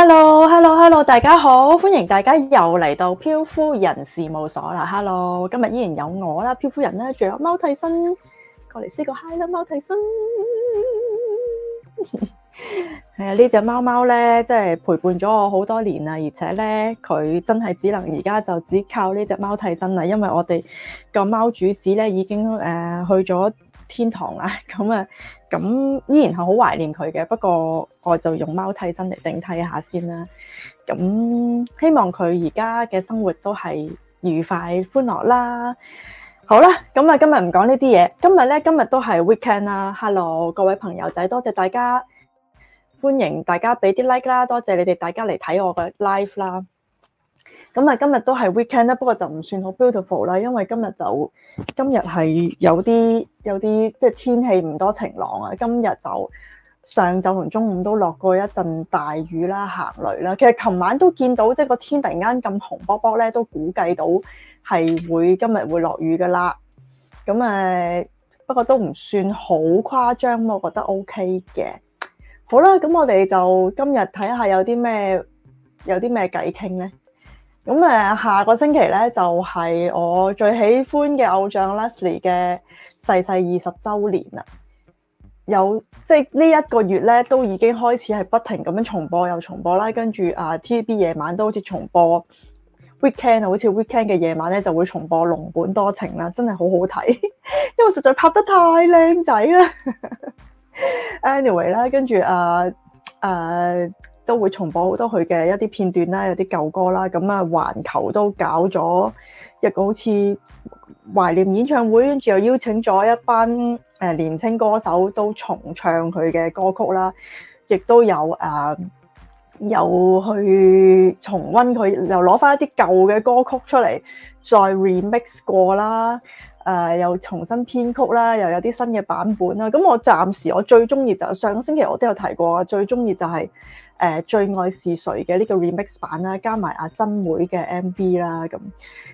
Hello，Hello，Hello，hello, hello, 大家好，歡迎大家又嚟到漂夫人事務所啦。Hello，今日依然有我啦，漂夫人咧，仲有貓替身，過嚟試個嗨啦，貓替身。係 啊、呃，呢隻貓貓咧，即係陪伴咗我好多年啦，而且咧，佢真係只能而家就只靠呢隻貓替身啦，因為我哋個貓主子咧已經誒、呃、去咗。天堂啦，咁啊，咁依然係好懷念佢嘅。不過我就用貓替身嚟頂替下先啦。咁希望佢而家嘅生活都係愉快歡樂啦。好啦，咁啊，今日唔講呢啲嘢。今日咧，今日都係 weekend 啦。Hello，各位朋友仔，多謝大家，歡迎大家俾啲 like 啦，多謝你哋大家嚟睇我嘅 live 啦。咁啊，今日都係 weekend 啦，不過就唔算好 beautiful 啦，因為今日就今日係有啲有啲即係天氣唔多晴朗啊，今日就上晝同中午都落過一陣大雨啦，行雷啦。其實琴晚都見到即係個天突然間咁紅卜卜咧，都估計到係會今日會落雨噶啦。咁誒，不過都唔算好誇張，我覺得 OK 嘅。好啦，咁我哋就今日睇下有啲咩有啲咩偈傾咧。咁、嗯、誒，下個星期咧就係、是、我最喜歡嘅偶像 Leslie 嘅逝世二十週年啦。有即係呢一個月咧，都已經開始係不停咁樣重播又重播啦。跟住啊，TVB 夜晚都好似重播 Weekend，好似 Weekend 嘅夜晚咧就會重播《龍本多情》啦，真係好好睇，因為實在拍得太靚仔啦。Anyway 啦，跟住啊誒。啊都會重播好多佢嘅一啲片段啦，有啲舊歌啦，咁啊環球都搞咗一個好似懷念演唱會，跟住又邀請咗一班誒年輕歌手都重唱佢嘅歌曲啦，亦都有誒、啊、又去重温佢，又攞翻一啲舊嘅歌曲出嚟再 remix 過啦。誒、呃、又重新編曲啦，又有啲新嘅版本啦。咁我暫時我最中意就是、上個星期我都有提過，最中意就係、是、誒、呃《最愛是誰》嘅呢個 remix 版啦，加埋阿珍妹嘅 MV 啦。咁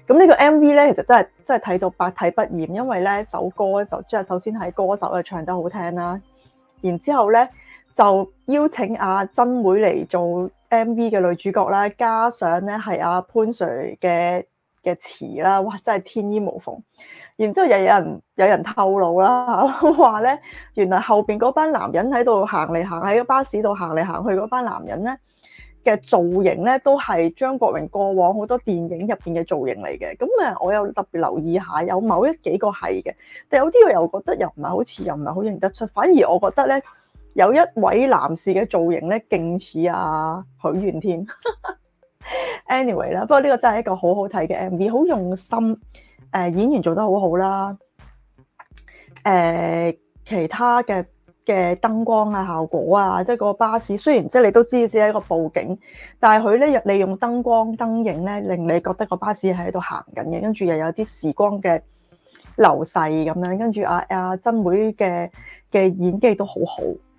咁呢個 MV 咧，其實真係真係睇到百睇不厭，因為咧首歌咧就即係首先係歌手咧唱得好聽啦，然之後咧就邀請阿、啊、珍妹嚟做 MV 嘅女主角啦，加上咧係阿潘瑤嘅嘅詞啦，哇！真係天衣無縫。然之後又有人有人透露啦，話咧原來後邊嗰班男人喺度行嚟行，喺個巴士度行嚟行去嗰班男人咧嘅造型咧都係張國榮過往好多電影入邊嘅造型嚟嘅。咁啊，我又特別留意下，有某一幾個係嘅，但有啲我又覺得又唔係好似，又唔係好認得出。反而我覺得咧有一位男士嘅造型咧勁似阿許願添。啊、 anyway 啦，不過呢個真係一個好好睇嘅 MV，好用心。誒、呃、演員做得好好啦，誒、呃、其他嘅嘅燈光啊效果啊，即係個巴士雖然即係你都知只係一個布景，但係佢咧利用燈光燈影咧，令你覺得個巴士係喺度行緊嘅，跟住又有啲時光嘅流逝咁樣，跟住阿阿珍妹嘅嘅演技都好好。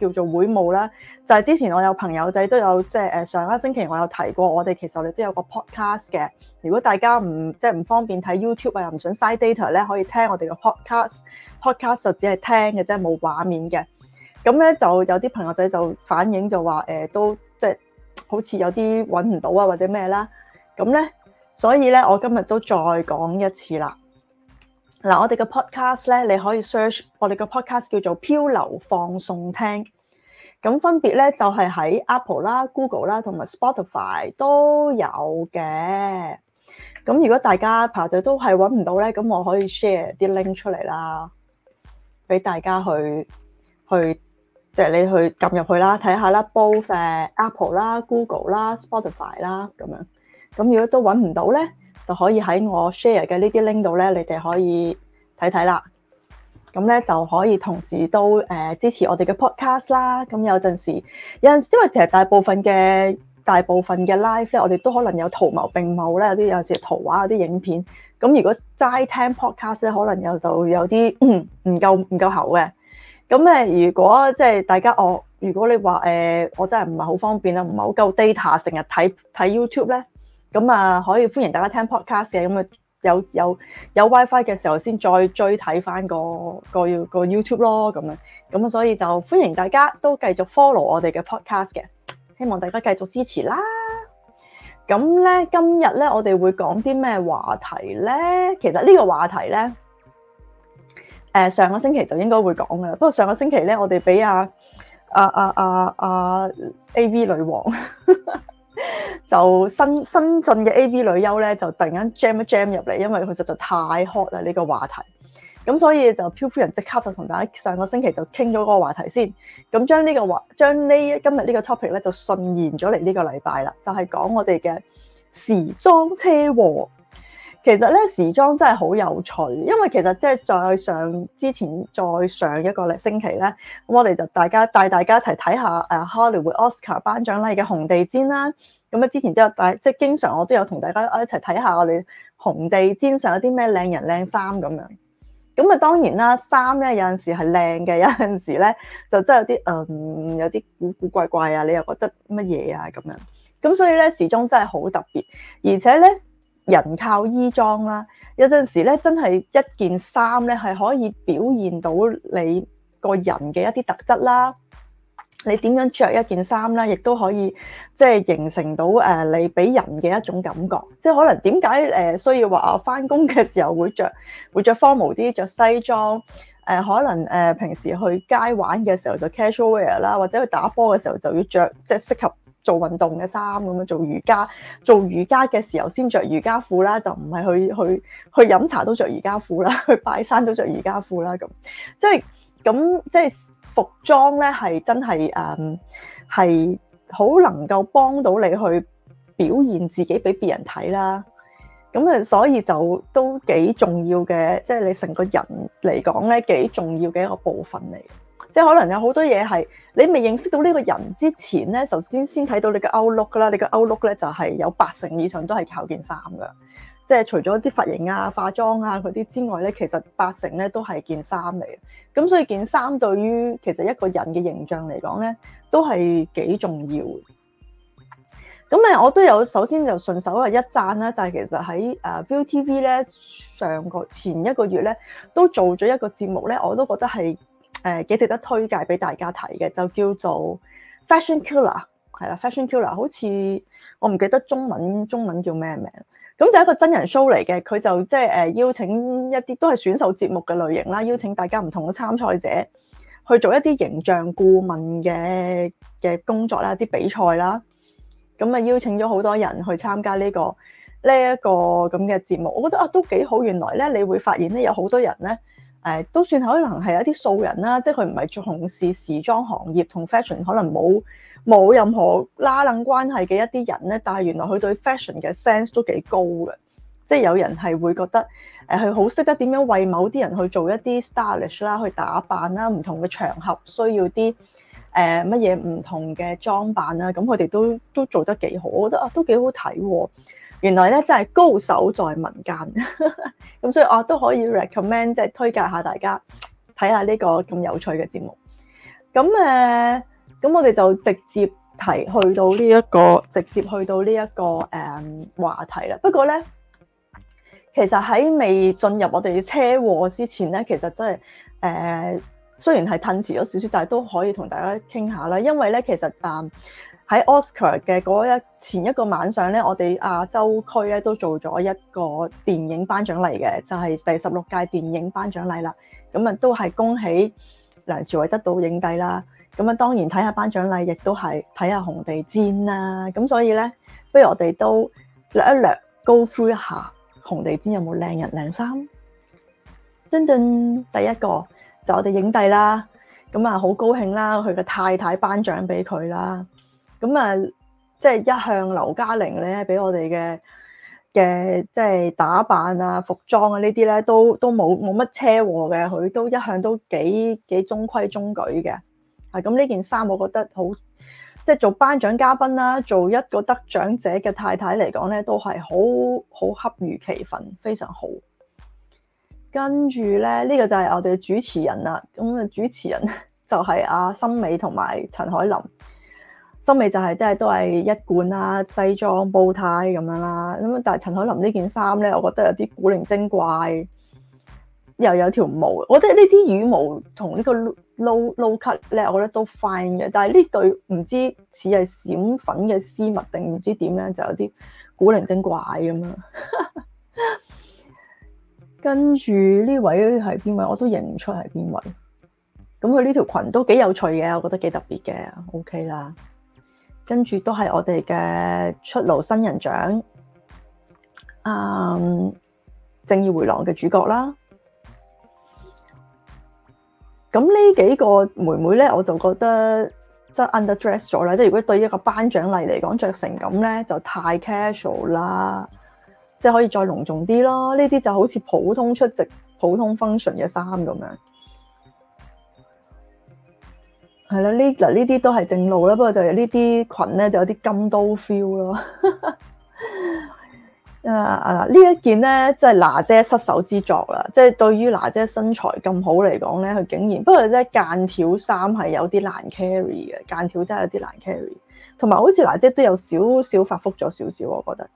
叫做會務啦，就係、是、之前我有朋友仔都有即係誒上一星期我有提過，我哋其實我哋都有個 podcast 嘅。如果大家唔即係唔方便睇 YouTube 啊，又唔想嘥 data 咧，可以聽我哋嘅 podcast。podcast 就只係聽嘅啫，冇畫面嘅。咁咧就有啲朋友仔就反映就話都即係、就是、好似有啲揾唔到啊或者咩啦。咁咧所以咧我今日都再講一次啦。嗱、啊，我哋嘅 podcast 咧，你可以 search 我哋嘅 podcast 叫做漂流放送廳，咁分別咧就係、是、喺 Apple 啦、Google 啦同埋 Spotify 都有嘅。咁如果大家排就都係揾唔到咧，咁我可以 share 啲 link 出嚟啦，俾大家去去即係、就是、你去撳入去啦，睇下啦，both Apple 啦、Google 啦、Spotify 啦咁樣。咁如果都揾唔到咧？就可以喺我 share 嘅呢啲 link 度咧，你哋可以睇睇啦。咁咧就可以同時都誒、呃、支持我哋嘅 podcast 啦。咁有陣時，有陣時，因為其實大部分嘅大部分嘅 live 咧，我哋都可能有圖文並茂咧。有啲有陣時圖畫嗰啲影片，咁如果齋聽 podcast 咧，可能又就有啲唔夠唔夠喉嘅。咁咧，那如果即係大家哦，如果你話誒、呃，我真係唔係好方便啊，唔係好夠 data，成日睇睇 YouTube 咧。咁啊，可以歡迎大家聽 podcast 嘅，咁啊有有有 WiFi 嘅時候先再追睇翻，嗰個個要個 YouTube 咯，咁樣，咁啊，所以就歡迎大家都繼續 follow 我哋嘅 podcast 嘅，希望大家繼續支持啦。咁咧，今日咧我哋會講啲咩話題咧？其實呢個話題咧，誒、呃、上個星期就應該會講噶啦。不過上個星期咧，我哋俾阿阿阿阿阿 AV 女王。 就新新進嘅 A.V 女優咧，就突然間 jam 一 jam 入嚟，因為佢實在太 hot 啦呢個話題，咁所以就漂夫人即刻就同大家上個星期就傾咗嗰個話題先，咁將呢個話將呢今日呢個 topic 咧就順延咗嚟呢個禮拜啦，就係講我哋嘅時裝車禍。其實咧，時裝真係好有趣，因為其實即係再上之前再上一個禮星期咧，咁我哋就大家帶大家一齊睇下誒 Hollywood Oscar 頒獎禮嘅紅地毯啦。咁啊，之前都有，大即係經常我都有同大家一齊睇下我哋紅地毯上有啲咩靚人靚衫咁樣。咁啊，當然啦，衫咧有陣時係靚嘅，有陣時咧就真係有啲嗯有啲古古怪怪啊，你又覺得乜嘢啊咁樣。咁所以咧時裝真係好特別，而且咧人靠衣裝啦，有陣時咧真係一件衫咧係可以表現到你個人嘅一啲特質啦。你點樣着一件衫咧，亦都可以即係形成到誒、呃、你俾人嘅一種感覺。即係可能點解誒需要話啊翻工嘅時候會著會著 formal 啲着西裝，誒、呃，可能誒、呃、平時去街玩嘅時候就 casual wear 啦，或者去打波嘅時候就要着即係適合做運動嘅衫咁樣做瑜伽，做瑜伽嘅時候先着瑜伽褲啦，就唔係去去去飲茶都着瑜伽褲啦，去拜山都着瑜伽褲啦咁。即係咁即係。服裝咧，係真係誒係好能夠幫到你去表現自己俾別人睇啦，咁啊所以就都幾重要嘅，即係你成個人嚟講咧幾重要嘅一個部分嚟，即係可能有好多嘢係你未認識到呢個人之前咧，首先先睇到你嘅歐 look 啦，你嘅歐 look 咧就係有八成以上都係靠件衫噶。即係除咗啲髮型啊、化妝啊嗰啲之外咧，其實八成咧都係件衫嚟嘅。咁所以件衫對於其實一個人嘅形象嚟講咧，都係幾重要嘅。咁啊，我都有首先就順手話一讚啦，就係、是、其實喺啊 ViuTV 咧上個前一個月咧，都做咗一個節目咧，我都覺得係誒幾值得推介俾大家睇嘅，就叫做 Fashion Killer，係啦，Fashion Killer，好似我唔記得中文中文叫咩名。咁就係一個真人 show 嚟嘅，佢就即係誒邀請一啲都係選秀節目嘅類型啦，邀請大家唔同嘅參賽者去做一啲形象顧問嘅嘅工作啦，啲比賽啦，咁啊邀請咗好多人去參加呢個呢一個咁嘅節目，我覺得啊都幾好，原來咧你會發現咧有好多人咧。誒都算可能係一啲素人啦，即係佢唔係從事時裝行業同 fashion 可能冇冇任何拉冷關係嘅一啲人咧，但係原來佢對 fashion 嘅 sense 都幾高嘅，即係有人係會覺得誒佢好識得點樣為某啲人去做一啲 stylish 啦，去打扮啦，唔同嘅場合需要啲誒乜嘢唔同嘅裝扮啦，咁佢哋都都做得幾好，我覺得啊都幾好睇喎。原來咧真係高手在民間，咁 所以我都可以 recommend 即係推介下大家睇下呢個咁有趣嘅節目。咁誒，咁我哋就直接提去到呢一個，直接去到呢一個誒、um, 話題啦。不過咧，其實喺未進入我哋嘅車禍之前咧，其實真係誒、呃、雖然係滯遲咗少少，但係都可以同大家傾下啦。因為咧，其實誒。Um, 喺 Oscar 嘅嗰日前一個晚上咧，我哋亞洲區咧都做咗一個電影頒獎禮嘅，就係第十六屆電影頒獎禮啦。咁啊，都係恭喜梁朝偉得到影帝啦。咁啊，當然睇下頒獎禮，亦都係睇下紅地氈啦。咁所以咧，不如我哋都略一略 go through 一下紅地氈有冇靚人靚衫。真正第一個就我哋影帝啦，咁啊，好高興啦，佢嘅太太頒獎俾佢啦。咁啊，即係一向劉嘉玲咧，俾我哋嘅嘅即係打扮啊、服裝啊呢啲咧，都都冇冇乜車禍嘅，佢都一向都幾幾中規中矩嘅。啊，咁呢件衫我覺得好，即係做頒獎嘉賓啦，做一個得獎者嘅太太嚟講咧，都係好好恰如其分，非常好。跟住咧，呢個就係我哋嘅主持人啦。咁啊，主持人就係阿森美同埋陳海琳。收尾就係、即係、都係都係一貫啦，西裝、煲呔咁樣啦。咁但係陳海琳呢件衫咧，我覺得有啲古靈精怪，又有條毛。我覺得呢啲羽毛同呢個 low low cut 咧，我覺得都 fine 嘅。但係呢對唔知似係閃粉嘅絲襪定唔知點樣，就有啲古靈精怪咁樣。 跟住呢位係邊位？我都認唔出係邊位。咁佢呢條裙都幾有趣嘅，我覺得幾特別嘅。OK 啦。跟住都係我哋嘅出爐新人獎，嗯，正義回廊嘅主角啦。咁呢幾個妹妹咧，我就覺得即係 underdress 咗啦。即係如果對一個頒獎禮嚟講，着成咁咧，就太 casual 啦。即係可以再隆重啲咯。呢啲就好似普通出席普通 function 嘅衫咁樣。係啦，呢嗱呢啲都係正路啦，不過就係呢啲裙咧就有啲金都 feel 咯。啊啊，呢一件咧即係娜姐失手之作啦，即係對於娜姐身材咁好嚟講咧，佢竟然不過真係間條衫係有啲難 carry 嘅，間條真係有啲難 carry。同埋好似娜姐都有少少發福咗少少，我覺得。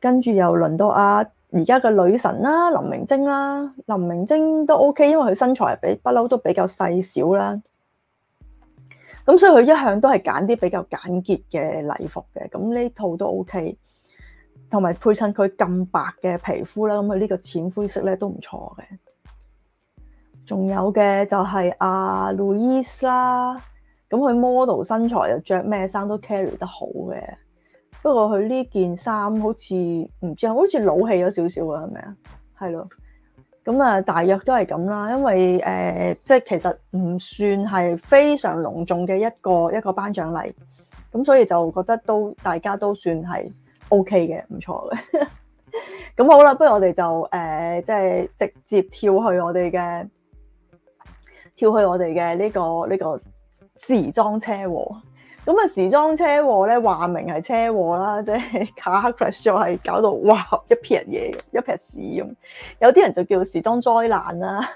跟住又輪到啊，而家嘅女神啦，林明晶啦，林明晶都 OK，因為佢身材比不嬲都比較細小啦。咁所以佢一向都係揀啲比較簡潔嘅禮服嘅，咁呢套都 OK，同埋配襯佢咁白嘅皮膚啦，咁佢呢個淺灰色咧都唔錯嘅。仲有嘅就係阿、啊、Louis 啦，咁佢 model 身材又着咩衫都 carry 得好嘅。不過佢呢件衫好似唔知道，好似老氣咗少少啊，係咪啊？係咯。咁啊，大約都係咁啦，因為誒、呃，即係其實唔算係非常隆重嘅一個一個頒獎禮，咁所以就覺得都大家都算係 OK 嘅，唔錯嘅。咁 好啦，不如我哋就誒、呃，即係直接跳去我哋嘅跳去我哋嘅呢個呢、呢個時裝車禍。咁啊，時裝車禍咧，話明係車禍啦，即係 car crash 就係搞到哇，一撇人嘢，一撇屎咁。有啲人就叫時裝災難啦。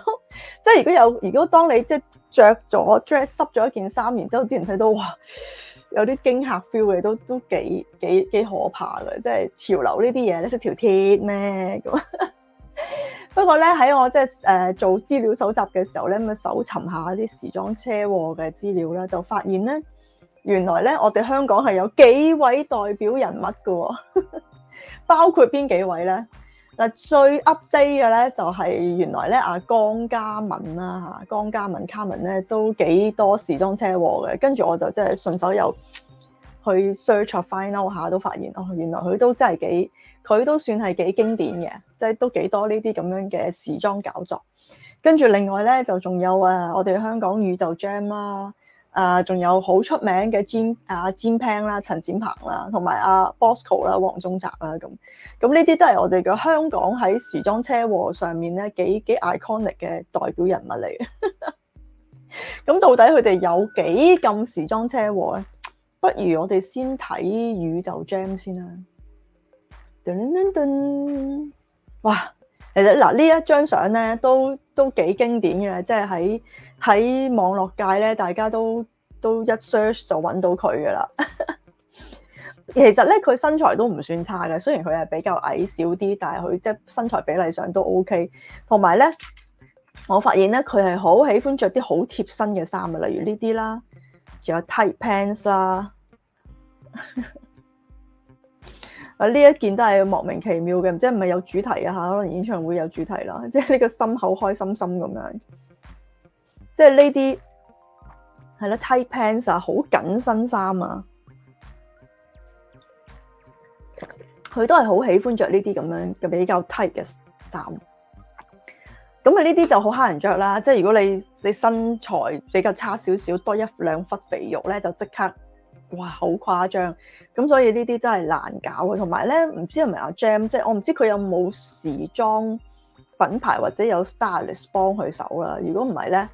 即係如果有，如果當你即係着咗 dress 濕咗一件衫，然之後啲人睇到哇，有啲驚嚇 feel 嘅都都幾幾幾可怕嘅。即係潮流呢啲嘢，你識條鐵咩咁？ 不過咧喺我即係誒做資料搜集嘅時候咧，咁啊搜尋一下啲時裝車禍嘅資料咧，就發現咧。原來咧，我哋香港係有幾位代表人物嘅喎，包括邊幾位咧？嗱，最 update 嘅咧就係原來咧阿江嘉敏啦嚇，江嘉敏 Carman 咧都幾多時裝車禍嘅。跟住我就真係順手又去 search 翻 out 下，都發現哦，原來佢都真係幾，佢都算係幾經典嘅，即係都幾多呢啲咁樣嘅時裝搞作。跟住另外咧就仲有啊，我哋香港宇宙 Gem 啦。啊，仲有好出名嘅詹啊，詹平啦，陳展鵬啦，同埋阿 Bosco 啦，啊、黃宗澤啦，咁咁呢啲都係我哋嘅香港喺時裝車禍上面咧幾幾 iconic 嘅代表人物嚟嘅。咁 到底佢哋有幾咁時裝車禍咧？不如我哋先睇宇宙 Gem 先啦。哇、啊！其實嗱呢一張相咧都都幾經典嘅，即係喺，喺網絡界咧，大家都都一 search 就搵到佢噶啦。 其實咧，佢身材都唔算差嘅，雖然佢係比較矮小啲，但係佢即係身材比例上都 OK。同埋咧，我發現咧，佢係好喜歡着啲好貼身嘅衫嘅，例如呢啲啦，仲有 tight pants 啦。啊，呢一件都係莫名其妙嘅，唔知係咪有主題？啊，可能演唱會有主題啦，即係呢個心口開心心咁樣。即係呢啲係啦，tight pants 很身衣服啊，好緊身衫啊，佢都係好喜歡着呢啲咁樣嘅比較 tight 嘅衫。咁啊，呢啲就好蝦人着啦。即係如果你你身材比較差少少，多一兩忽肥肉咧，就即刻哇，好誇張。咁所以呢啲真係難搞嘅。同埋咧，唔知係咪阿 Jam，即係我唔知佢有冇時裝品牌或者有 stylist 幫佢手啦。如果唔係咧，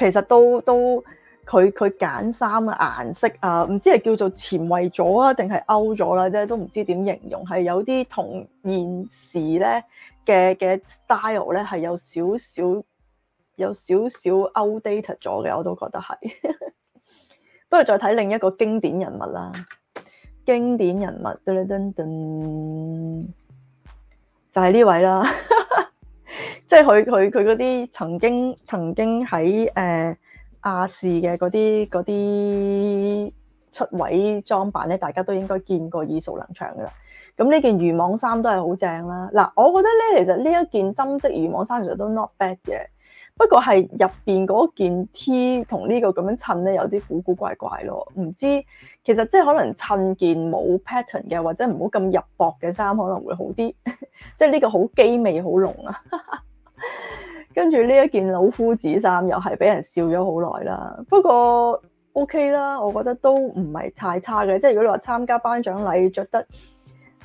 其實都都佢佢揀衫嘅顏色啊，唔知係叫做前衛咗啊，定係 out 咗啦啫，都唔知點形容，係有啲同現時咧嘅嘅 style 咧係有少少有少少 outdated 咗嘅，我都覺得係。不如再睇另一個經典人物啦，經典人物噔噔噔，就係、是、呢位啦。即係佢佢佢嗰啲曾經曾經喺誒亞視嘅嗰啲嗰啲出位裝扮咧，大家都應該見過耳熟能詳噶啦。咁呢件漁網衫都係好正啦。嗱，我覺得咧，其實呢一件針織漁網衫其實都 not bad 嘅。不過係入邊嗰件 T 同呢個咁樣襯咧，有啲古古怪怪咯。唔知，其實即係可能襯件冇 pattern 嘅，或者唔好咁入薄嘅衫可能會好啲。即係呢個好機味好濃啊。跟住呢一件老夫子衫又係俾人笑咗好耐啦。不過 OK 啦，我覺得都唔係太差嘅。即係如果你話參加頒獎禮着得，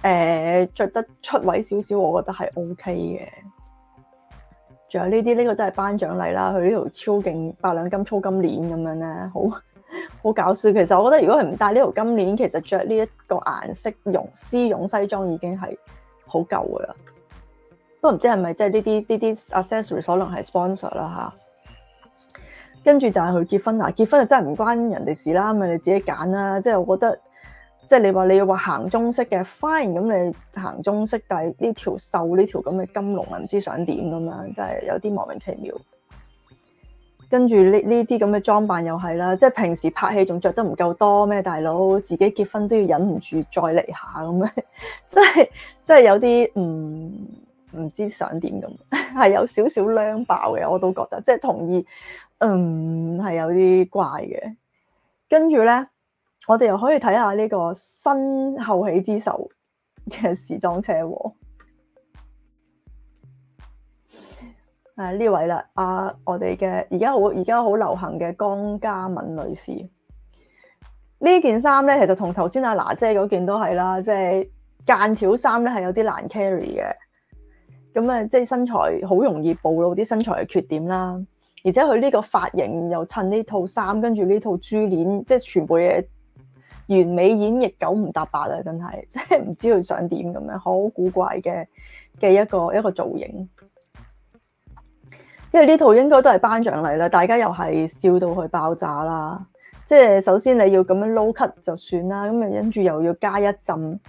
誒著得出位少少，我覺得係 OK 嘅。仲有呢啲呢個都係頒獎禮啦，佢呢條超勁百兩金粗金鏈咁樣咧，好好搞笑。其實我覺得如果佢唔戴呢條金鏈，其實着呢一個顏色絨絲絨西裝已經係好舊噶啦。都唔知係咪即係呢啲呢啲 accessory 可能係 sponsor 啦吓。跟住就係佢結婚啦，結婚就真係唔關人哋事啦，咁啊你自己揀啦。即係我覺得。即係你話你要話行中式嘅 fine，咁你行中式，但係呢條瘦呢條咁嘅金龍啊，唔知想點咁樣，真係有啲莫名其妙。跟住呢呢啲咁嘅裝扮又係啦，即係平時拍戲仲着得唔夠多咩？大佬自己結婚都要忍唔住再嚟下咁樣，真係真係有啲唔唔知想點咁，係有少少靚爆嘅，我都覺得即係同意，嗯係有啲怪嘅。跟住咧。我哋又可以睇下呢個新後起之秀嘅時裝車禍，誒呢位啦，阿我哋嘅而家好而家好流行嘅江嘉敏女士，呢件衫咧，其實同頭先阿娜姐嗰件都係啦，即係間條衫咧係有啲難 carry 嘅，咁誒即係身材好容易暴露啲身材嘅缺點啦，而且佢呢個髮型又襯呢套衫，跟住呢套珠鏈，即係全部嘢。完美演繹九唔搭八啊！真係，即係唔知佢想點咁樣，好古怪嘅嘅一個一個造型。因為呢套應該都係頒獎禮啦，大家又係笑到去爆炸啦。即係首先你要咁樣 low cut 就算啦，咁啊跟住又要加一浸，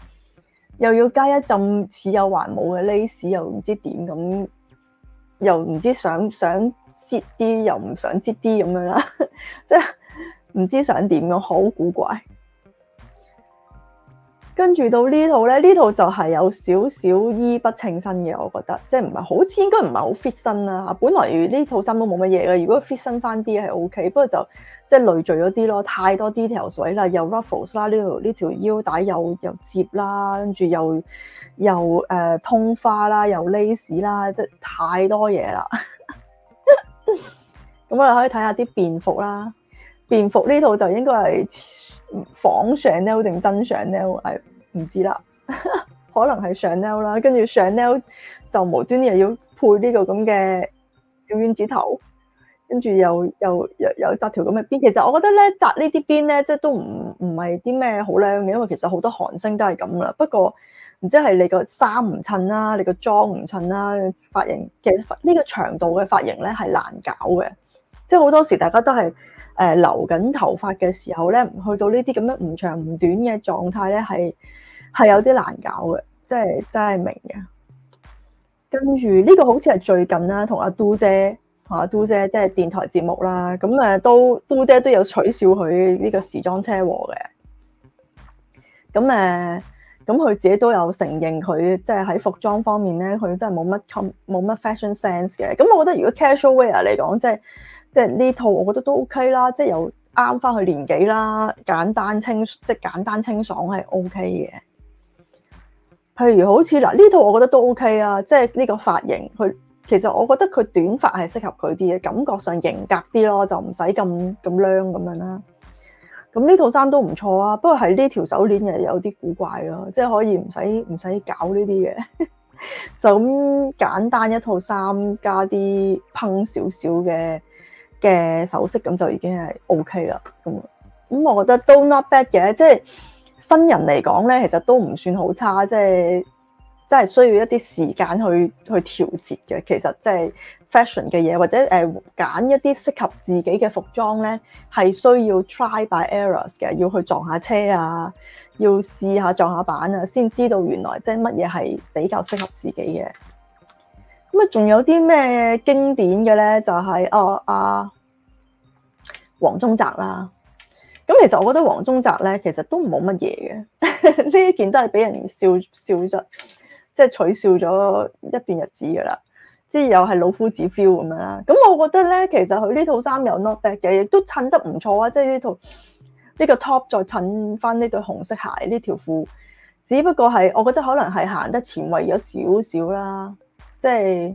又要加一浸似有還冇嘅 lace，又唔知點咁，又唔知想想啲又唔想折啲咁樣啦，即係唔知想點咁，好古怪。跟住到套呢套咧，呢套就係有少少衣不稱身嘅，我覺得即係唔係好似，應該唔係好 fit 身啦吓，本來呢套衫都冇乜嘢嘅，如果 fit 身翻啲係 O K，不過就即係累贅咗啲咯，太多 detail 水啦，又 ruffles 啦，呢條呢腰帶又又接啦，跟住又又誒通花啦，又 lace 啦，即係太多嘢啦。咁我哋可以睇下啲便服啦。便服呢套就應該係仿上嬌定真上嬌，誒唔知 啦，可能係上嬌啦。跟住上嬌就無端又要配呢個咁嘅小丸子頭，跟住又又又又紮條咁嘅辮。其實我覺得咧紮呢啲辮咧，即係都唔唔係啲咩好靚嘅，因為其實好多韓星都係咁啦。不過唔知係你個衫唔襯啦，你個妝唔襯啦，髮型其實呢個長度嘅髮型咧係難搞嘅。即係好多時，大家都係、呃、留緊頭髮嘅時候咧，去到呢啲咁樣唔長唔短嘅狀態咧，係有啲難搞嘅、這個。即係真係明嘅。跟住呢個好似係最近啦，同阿嘟姐，同阿嘟姐即係電台節目啦。咁誒都嘟姐都有取笑佢呢個時裝車禍嘅。咁誒，咁、呃、佢自己都有承認佢即係喺服裝方面咧，佢真係冇乜冇乜 fashion sense 嘅。咁我覺得如果 casual wear 嚟講，即係即係呢套，我覺得都 OK 啦。即係又啱翻佢年紀啦，簡單清，即係簡單清爽係 OK 嘅。譬如好似嗱，呢套我覺得都 OK 啊。即係呢個髮型，佢其實我覺得佢短髮係適合佢啲嘅，感覺上型格啲咯，就唔使咁咁娘咁樣啦。咁呢套衫都唔錯啊，不過係呢條手鏈又有啲古怪咯，即係可以唔使唔使搞呢啲嘅， 就咁簡單一套衫加啲烹少少嘅。嘅首飾咁就已經係 OK 啦，咁咁我覺得都 not bad 嘅，即係新人嚟講咧，其實都唔算好差，即係即係需要一啲時間去去調節嘅。其實即係 fashion 嘅嘢，或者誒揀一啲適合自己嘅服裝咧，係需要 try by errors 嘅，要去撞下車啊，要試下撞下板啊，先知道原來即係乜嘢係比較適合自己嘅。咁、就是、啊，仲有啲咩經典嘅咧？就係哦，阿黃宗澤啦。咁其實我覺得黃宗澤咧，其實都冇乜嘢嘅。呢 一件都係俾人笑笑咗，即、就、係、是、取笑咗一段日子噶啦。即、就、係、是、又係老夫子 feel 咁樣啦。咁我覺得咧，其實佢呢套衫又 not bad 嘅，亦都襯得唔錯啊。即係呢套呢、這個 top 再襯翻呢對紅色鞋，呢條褲，只不過係我覺得可能係行得前衞咗少少啦。即係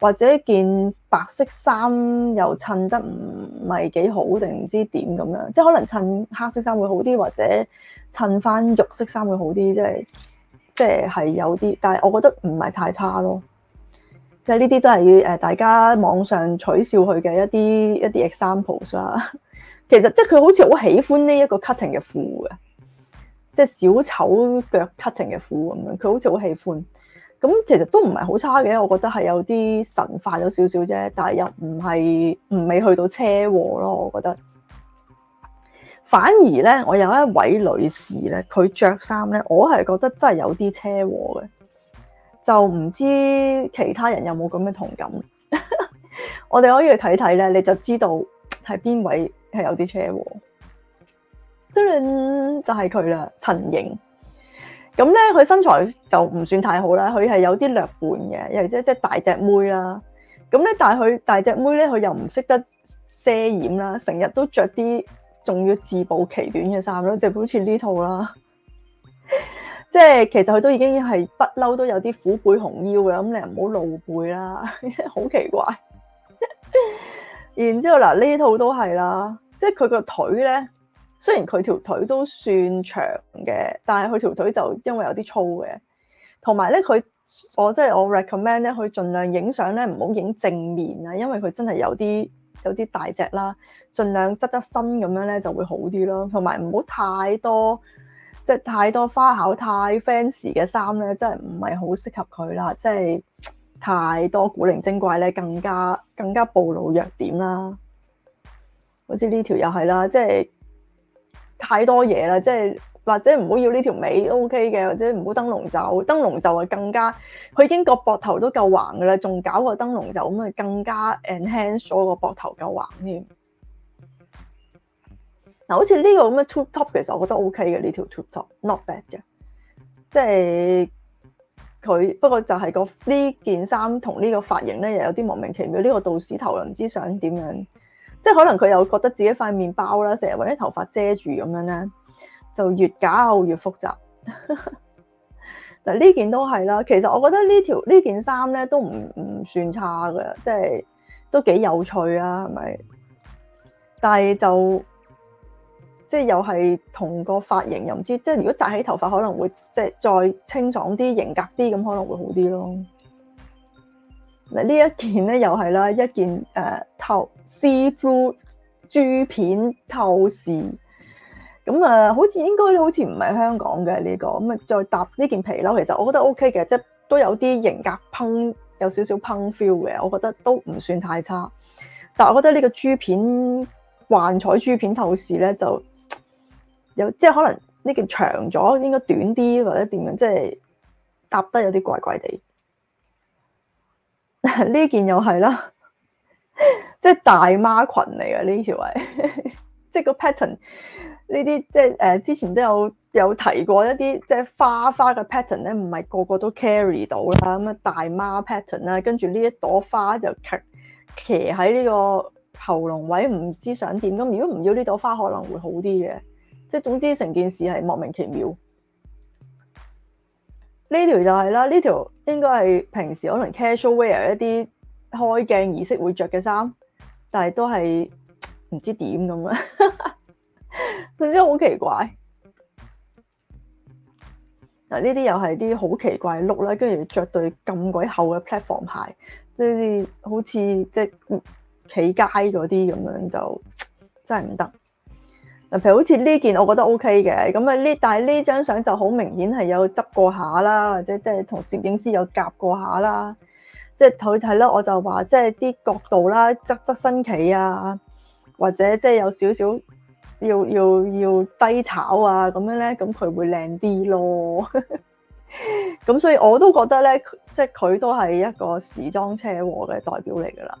或者件白色衫又襯得唔係幾好定唔知點咁樣，即係可能襯黑色衫會好啲，或者襯翻肉色衫會好啲，即係即係係有啲，但係我覺得唔係太差咯。即係呢啲都係誒大家網上取笑佢嘅一啲一啲 examples 啦。其實即係佢好似好喜歡呢一個 cutting 嘅褲嘅，即係小丑腳 cutting 嘅褲咁樣，佢好似好喜歡。咁其實都唔係好差嘅，我覺得係有啲神化咗少少啫，但係又唔係唔未去到車禍咯。我覺得，反而咧，我有一位女士咧，佢着衫咧，我係覺得真係有啲車禍嘅，就唔知其他人有冇咁嘅同感。 我哋可以去睇睇咧，你就知道係邊位係有啲車禍。就係佢啦，陳瀅。咁咧，佢身材就唔算太好啦，佢係有啲略胖嘅，又即即係大隻妹啦。咁咧，但係佢大隻妹咧，佢又唔識得遮掩啦，成日都着啲仲要自暴其短嘅衫囉，即係好似呢套啦。即 係其實佢都已經係不嬲都有啲虎背熊腰嘅，咁你唔好露背啦， 好奇怪。 然之後嗱，呢套都係啦，即係佢個腿咧。雖然佢條腿都算長嘅，但係佢條腿就因為有啲粗嘅，同埋咧佢我即係我 recommend 咧，佢盡量影相咧唔好影正面啊，因為佢真係有啲有啲大隻啦，盡量側側身咁樣咧就會好啲咯。同埋唔好太多即係太多花巧、太 fancy 嘅衫咧，真係唔係好適合佢啦。即係太多古靈精怪咧，更加更加暴露弱點啦。好似呢條又係啦，即係。太多嘢啦，即係或者唔好要呢條尾都 OK 嘅，或者唔好燈籠袖，燈籠袖啊更加，佢已經個膊頭都夠橫噶啦，仲搞個燈籠袖咁啊，更加 enhance 咗個膊頭夠橫添。嗱，好似呢個咁嘅 tube top 其實我覺得 OK 嘅呢條 tube top，not bad 嘅。即係佢不過就係個呢件衫同呢個髮型咧，又有啲莫名其妙。呢個道士頭又唔知想點樣。即係可能佢又覺得自己一塊麵包啦，成日搵啲頭髮遮住咁樣咧，就越搞越複雜。嗱，呢件都係啦。其實我覺得這條這呢條呢件衫咧都唔唔算差嘅，即係都幾有趣啊，係咪？但係就即係又係同個髮型又唔知，即係如果紮起頭髮可能會即係再清爽啲、型格啲，咁可能會好啲咯。嗱，呢一件咧又係啦，一件誒。Uh, See-through 珠片透視，咁啊，好似應該好似唔係香港嘅呢、這個，咁啊再搭呢件皮褸，其實我覺得 O K 嘅，即係都有啲型格，punk 有少少 punk feel 嘅，我覺得都唔算太差。但係我覺得呢個珠片幻彩珠片透視咧，就有即係可能呢件長咗，應該短啲或者點樣，即係搭得有啲怪怪地。呢 件又係啦。 即係大媽裙嚟嘅呢條位，即係個 pattern 呢啲，即係誒，之前都有有提過一啲，即係花花嘅 pattern 咧，唔係個個都 carry 到啦。咁啊，大媽 pattern 啦，跟住呢一朵花就騎喺呢個喉嚨位，唔知想點。咁如果唔要呢朵花，可能會好啲嘅。即係總之成件事係莫名其妙。呢條就係、是、啦，呢條應該係平時可能 casual wear 一啲。開鏡儀式會着嘅衫，但係都係唔知點咁樣，總之好奇怪。嗱，呢啲又係啲好奇怪 look 啦，跟住着對咁鬼厚嘅 platform 鞋，呢啲好似即係企街嗰啲咁樣就真係唔得。嗱，譬如好似呢件，我覺得 OK 嘅，咁啊呢，但係呢張相就好明顯係有執過下啦，或者即係同攝影師有夾過下啦。即係佢睇啦，我就話即係啲角度啦，側側身企啊，或者即係有少少要要要低炒啊咁樣咧，咁佢會靚啲咯。咁 所以我都覺得咧，即係佢都係一個時裝車禍嘅代表嚟噶啦。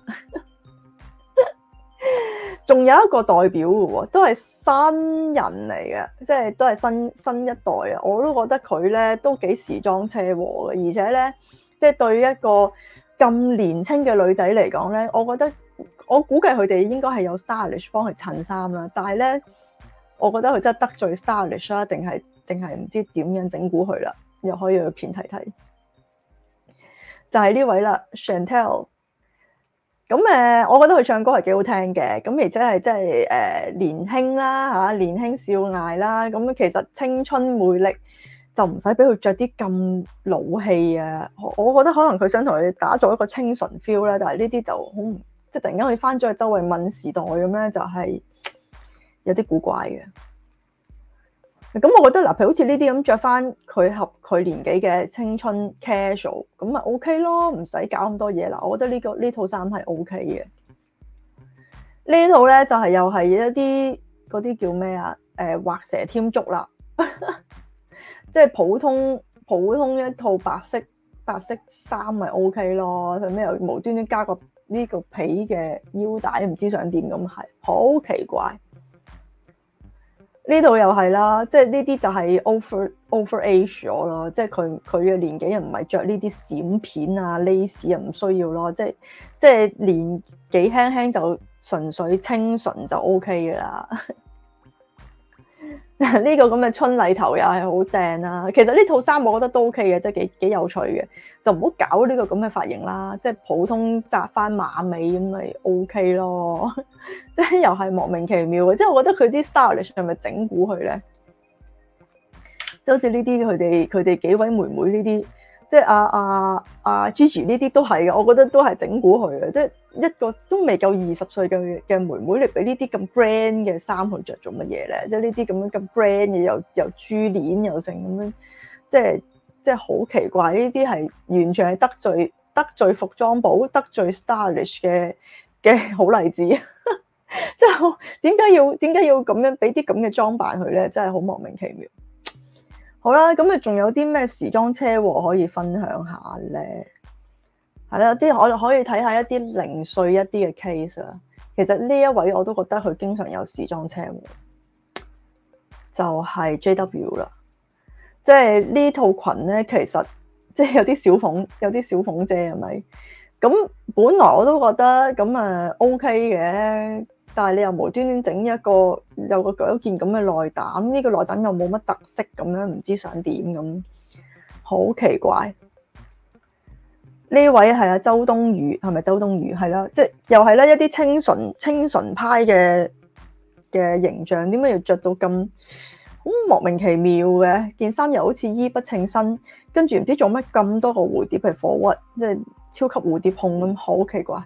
仲 有一個代表嘅喎，都係新人嚟嘅，即係都係新新一代啊！我都覺得佢咧都幾時裝車禍嘅，而且咧即係對一個。咁年輕嘅女仔嚟講咧，我覺得我估計佢哋應該係有 stylist 幫佢襯衫啦，但係咧，我覺得佢真係得罪 stylist，定係定係唔知點樣整蠱佢啦，又可以去片睇睇。就係呢位啦，Chantelle。咁誒，我覺得佢唱歌係幾好聽嘅，咁而且係即係誒年輕啦嚇，年輕少艾啦，咁、啊、其實青春魅力。就唔使俾佢着啲咁老氣啊！我覺得可能佢想同佢打造一個清純 feel 啦，但係呢啲就好，即係突然間佢翻咗去周圍問時代咁咧，就係、係、有啲古怪嘅。咁我覺得嗱，譬如好似呢啲咁着翻佢合佢年紀嘅青春 casual，咁咪 O K 咯，唔使搞咁多嘢嗱。我覺得呢係、OK 嘅嗯、呢一呢個呢套衫係 O K 嘅。呢套咧就係、係、又係一啲嗰啲叫咩啊？誒、呃，畫蛇添足啦～ 即係普通普通一套白色白色衫咪 OK 咯，咩又無端端加個呢個皮嘅腰帶，唔知想點，咁係好奇怪。呢度又係啦，即係呢啲就係 over over age 咗咯，即係佢佢嘅年紀又唔係着呢啲閃片啊、lace 啊，唔需要咯。即係即係年紀輕輕就純粹清純就 OK 噶啦。呢 個咁嘅春麗頭又係好正啊。其實呢套衫我覺得都 OK 嘅，都幾幾有趣嘅，就唔好搞呢個咁嘅髮型啦，即係普通紮翻馬尾咁咪 OK 咯，即係又係莫名其妙嘅，即係我覺得佢啲 stylist 係咪整蠱佢咧？即好似呢啲佢哋佢哋幾位妹妹呢啲。即係阿阿阿 Gigi 呢啲都係嘅，我覺得都係整蠱佢嘅。即係一個都未夠二十歲嘅嘅妹妹嚟俾呢啲咁 brand 嘅衫去着做乜嘢咧？即係呢啲咁樣咁 brand 嘅又又珠鏈又成咁樣，即係即係好奇怪。呢啲係完全係得罪得罪服裝部得罪 stylist 嘅嘅好例子。呵呵，即係點解要點解要咁樣俾啲咁嘅裝扮佢咧？真係好莫名其妙。好啦，咁你仲有啲咩時裝車禍可以分享一下咧？係啦，啲我就可以睇下一啲零碎一啲嘅 case 啦。其實呢一位我都覺得佢經常有時裝車禍，就係 JW 啦。即係呢套裙咧，其實即係有啲小鳳，有啲小鳳姐係咪？咁本來我都覺得咁啊 OK 嘅。但係你又無端端整一個有一個件咁嘅內膽，呢個內膽又冇乜特色咁樣，唔知想點咁，好奇怪。呢位係阿周冬雨，係咪周冬雨？係啦，即係又係咧一啲清純清純派嘅嘅形象，點解要着到咁？好莫名其妙嘅件衫，又好似衣不稱身，跟住唔知做乜咁多個蝴蝶嚟火鬱，即係超級蝴蝶控咁，好奇怪。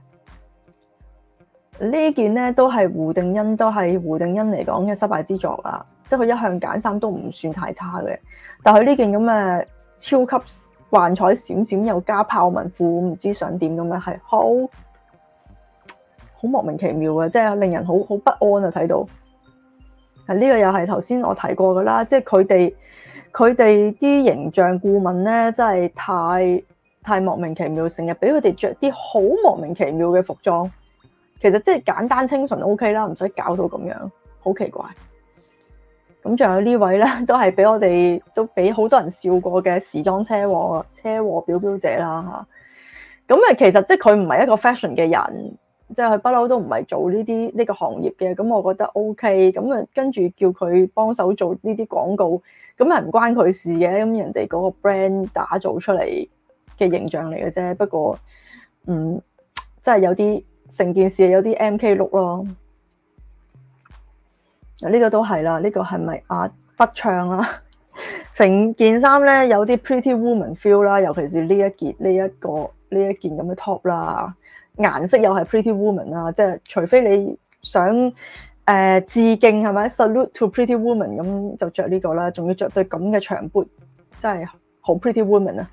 這件呢件咧都係胡定欣，都係胡定欣嚟講嘅失敗之作啦。即係佢一向揀衫都唔算太差嘅，但佢呢件咁嘅超級幻彩閃閃又加豹紋褲，唔知道想點咁咧，係好好莫名其妙嘅，即係令人好好不安啊！睇到啊，呢、這個又係頭先我提過噶啦，即係佢哋佢哋啲形象顧問咧，真係太太莫名其妙，成日俾佢哋着啲好莫名其妙嘅服裝。其實即係簡單清純 OK 啦，唔使搞到咁樣，好奇怪。咁仲有呢位咧，都係俾我哋都俾好多人笑過嘅時裝車禍車禍表表者啦吓，咁啊，其實即係佢唔係一個 fashion 嘅人，即係佢不嬲都唔係做呢啲呢個行業嘅。咁我覺得 OK。咁啊，跟住叫佢幫手做呢啲廣告，咁啊唔關佢事嘅。咁人哋嗰個 brand 打造出嚟嘅形象嚟嘅啫。不過，嗯，真係有啲。成件事有啲 M.K. look 咯，啊，呢個都係啦。呢個係咪啊？不唱啦、啊，成件衫咧有啲 Pretty Woman feel 啦，尤其是呢一件呢一個呢一件咁嘅 top 啦，顏色又係 Pretty Woman 啦，即係除非你想誒致敬係咪 salute to Pretty Woman 咁就着呢個啦，仲要着對咁嘅長 boot，真係好 Pretty Woman 啊！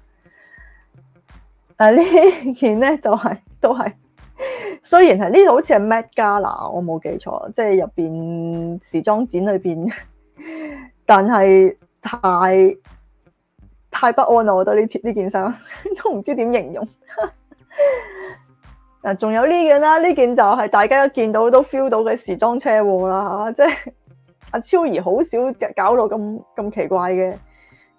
嗱、啊，呢件咧就係都係。雖然係呢套好似係 Mad Gala，我冇記錯，即係入邊時裝展裏邊，但係太太不安啦，我對呢呢件衫都唔知點形容。嗱， 仲有呢件啦，呢件就係大家一看都見到都 feel 到嘅時裝車禍啦，吓、啊，即係阿超儀好少搞到咁咁奇怪嘅，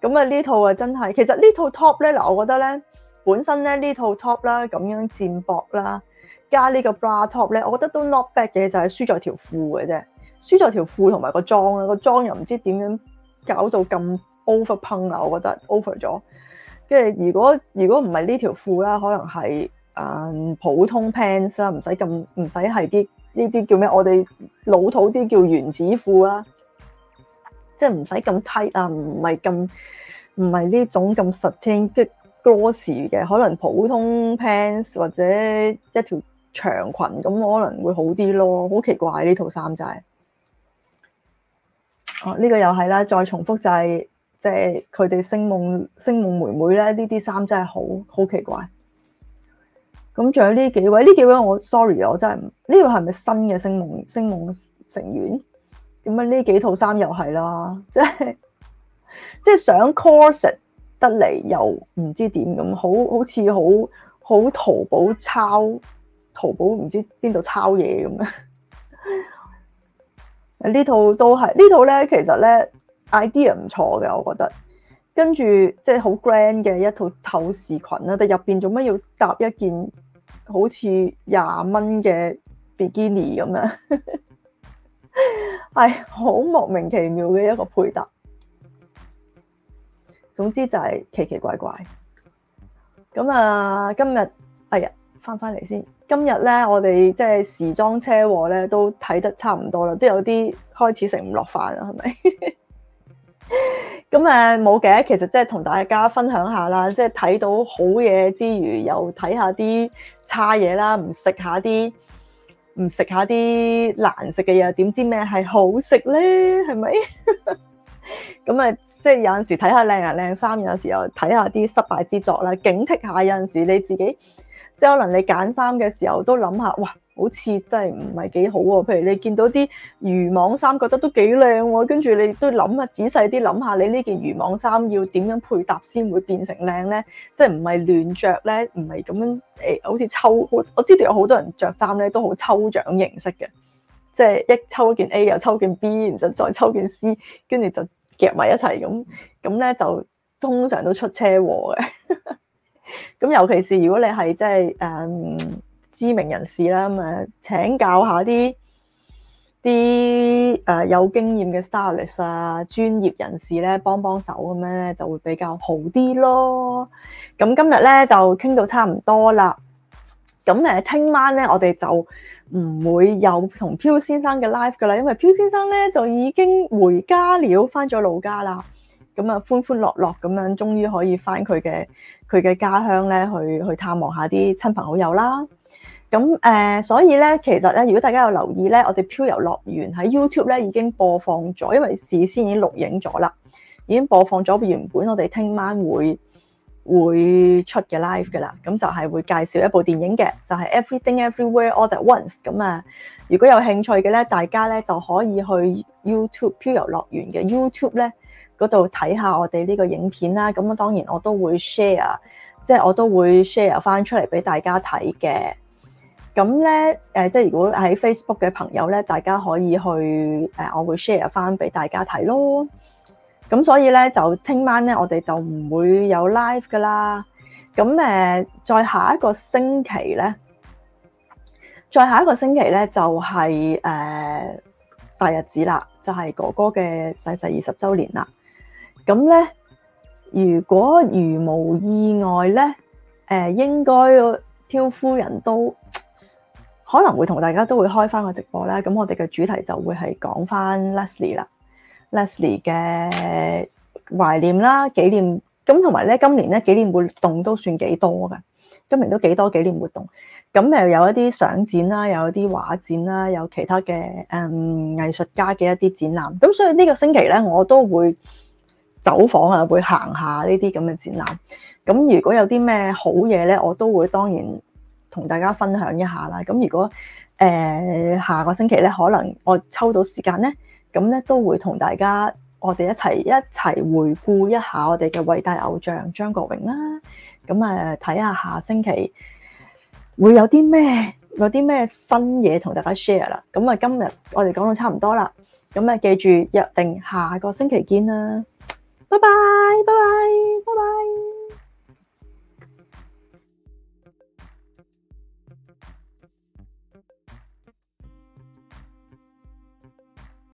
咁啊呢套啊真係，其實呢套 top 咧嗱，我覺得咧本身咧呢套 top 啦，咁樣漸薄啦。加呢個 bra top 咧，我覺得都 not bad 嘅，就係輸咗條褲嘅啫，輸咗條褲同埋個裝啦，個裝又唔知點樣搞到咁 over pump 啊，我覺得 over 咗。即係如果如果唔係呢條褲啦，可能係誒、嗯、普通 pants 啦，唔使咁唔使係啲呢啲叫咩？我哋老土啲叫原子褲啦，即係唔使咁 tight 啊，唔係咁唔係呢種咁 sustainable 嘅，可能普通 pants 或者一條。長裙咁，可能會好啲咯。好奇怪呢套衫就係、是、哦，呢、這個又係啦。再重複就係即係佢哋星夢星夢妹妹咧，呢啲衫真係好好奇怪。咁仲有呢幾位呢幾位，幾位我 sorry 我真係呢個係咪新嘅星夢星夢成員？點解呢幾套衫又係啦？即係即係想 cos 得嚟又唔知點咁，好好似好好，好淘寶抄。淘寶唔知邊度抄嘢咁樣，呢 套都係呢套咧，其實咧 idea 唔錯嘅，我覺得。跟住即係好 grand 嘅一套透視裙啦，但入邊做咩要搭一件好似廿蚊嘅 bikini 咁樣，係 好、哎、莫名其妙嘅一個配搭。總之就係奇奇怪怪。咁啊，今日哎呀～翻翻嚟先，今日咧，我哋即係時裝車禍咧，都睇得差唔多啦，都有啲開始食唔落飯啦，係咪？咁誒冇嘅，其實即係同大家分享下啦，即係睇到好嘢之餘，又睇下啲差嘢啦，唔食下啲唔食下啲難食嘅嘢，點知咩係好食咧？係咪？咁 誒，即係有陣時睇下靚人靚衫，有時又睇下啲失敗之作啦，警惕下有陣時你自己。即係可能你揀衫嘅時候都諗下，嘩，好似真係唔係幾好喎。譬如你見到啲漁網衫，覺得都幾靚喎，跟住你都諗下，仔細啲諗下，你呢件漁網衫要點樣配搭先會變成靚咧？即係唔係亂着咧？唔係咁樣誒、欸，好似抽好，我知道有好多人着衫咧都好抽獎形式嘅，即係一抽一件 A，又抽件 B，然之後再抽件 C，跟住就夾埋一齊咁，咁咧就通常都出車禍嘅。 咁尤其是如果你係即係誒知名人士啦，咁誒，請教下啲啲誒有經驗嘅 stylist 啊，專業人士咧幫幫手，咁樣咧就會比較好啲咯。咁今日咧就傾到差唔多啦。咁誒，聽晚咧我哋就唔會有同漂先生嘅 live 噶啦，因為漂先生咧就已經回家了，翻咗老家啦。咁啊，歡歡樂樂咁樣，終於可以翻佢嘅佢嘅家鄉咧，去去探望下啲親朋好友啦。咁、uh, 所以咧，其實咧，如果大家有留意咧，我哋漂遊樂園喺 YouTube 咧已經播放咗，因為事先已經錄影咗啦，已經播放咗原本我哋聽晚會會出嘅 live 噶啦。咁就係會介紹一部電影嘅，就係、是《Everything Everywhere All at Once》。咁啊，如果有興趣嘅咧，大家咧就可以去 YouTube 漂遊樂園嘅 YouTube 咧，嗰度睇下我哋呢個影片啦，咁當然我都會 share，即係我都會 share 翻出嚟俾大家睇嘅。咁咧誒，即係如果喺 Facebook 嘅朋友咧，大家可以去誒、呃，我會 share 翻俾大家睇咯。咁所以咧，就聽晚咧，我哋就唔會有 live 噶啦。咁誒，再下一個星期咧，再下一個星期咧，就係、是、誒、呃、大日子啦，就係、是、哥哥嘅細細二十週年啦。咁咧，如果如無意外咧，誒、呃、應該漂夫人都可能會同大家都會開翻個直播啦。咁我哋嘅主題就會係講翻 Leslie 啦，Leslie 嘅懷念啦、紀念咁，同埋咧今年咧紀念活動都算幾多㗎，今年都幾多紀念活動。咁誒有一啲相展啦，有，有一啲畫展啦，有其他嘅誒、嗯、藝術家嘅一啲展覽。咁所以呢個星期咧，我都會，走訪啊，會行下呢啲咁嘅展覽。咁如果有啲咩好嘢咧，我都會當然同大家分享一下啦。咁如果誒、呃、下個星期咧，可能我抽到時間咧，咁咧都會同大家我哋一齊一齊回顧一下我哋嘅偉大偶像張國榮啦。咁啊，睇下下星期會有啲咩有啲咩新嘢同大家 share 啦。咁啊，今日我哋講到差唔多啦。咁啊，記住約定下個星期見啦。拜拜，拜拜，拜拜。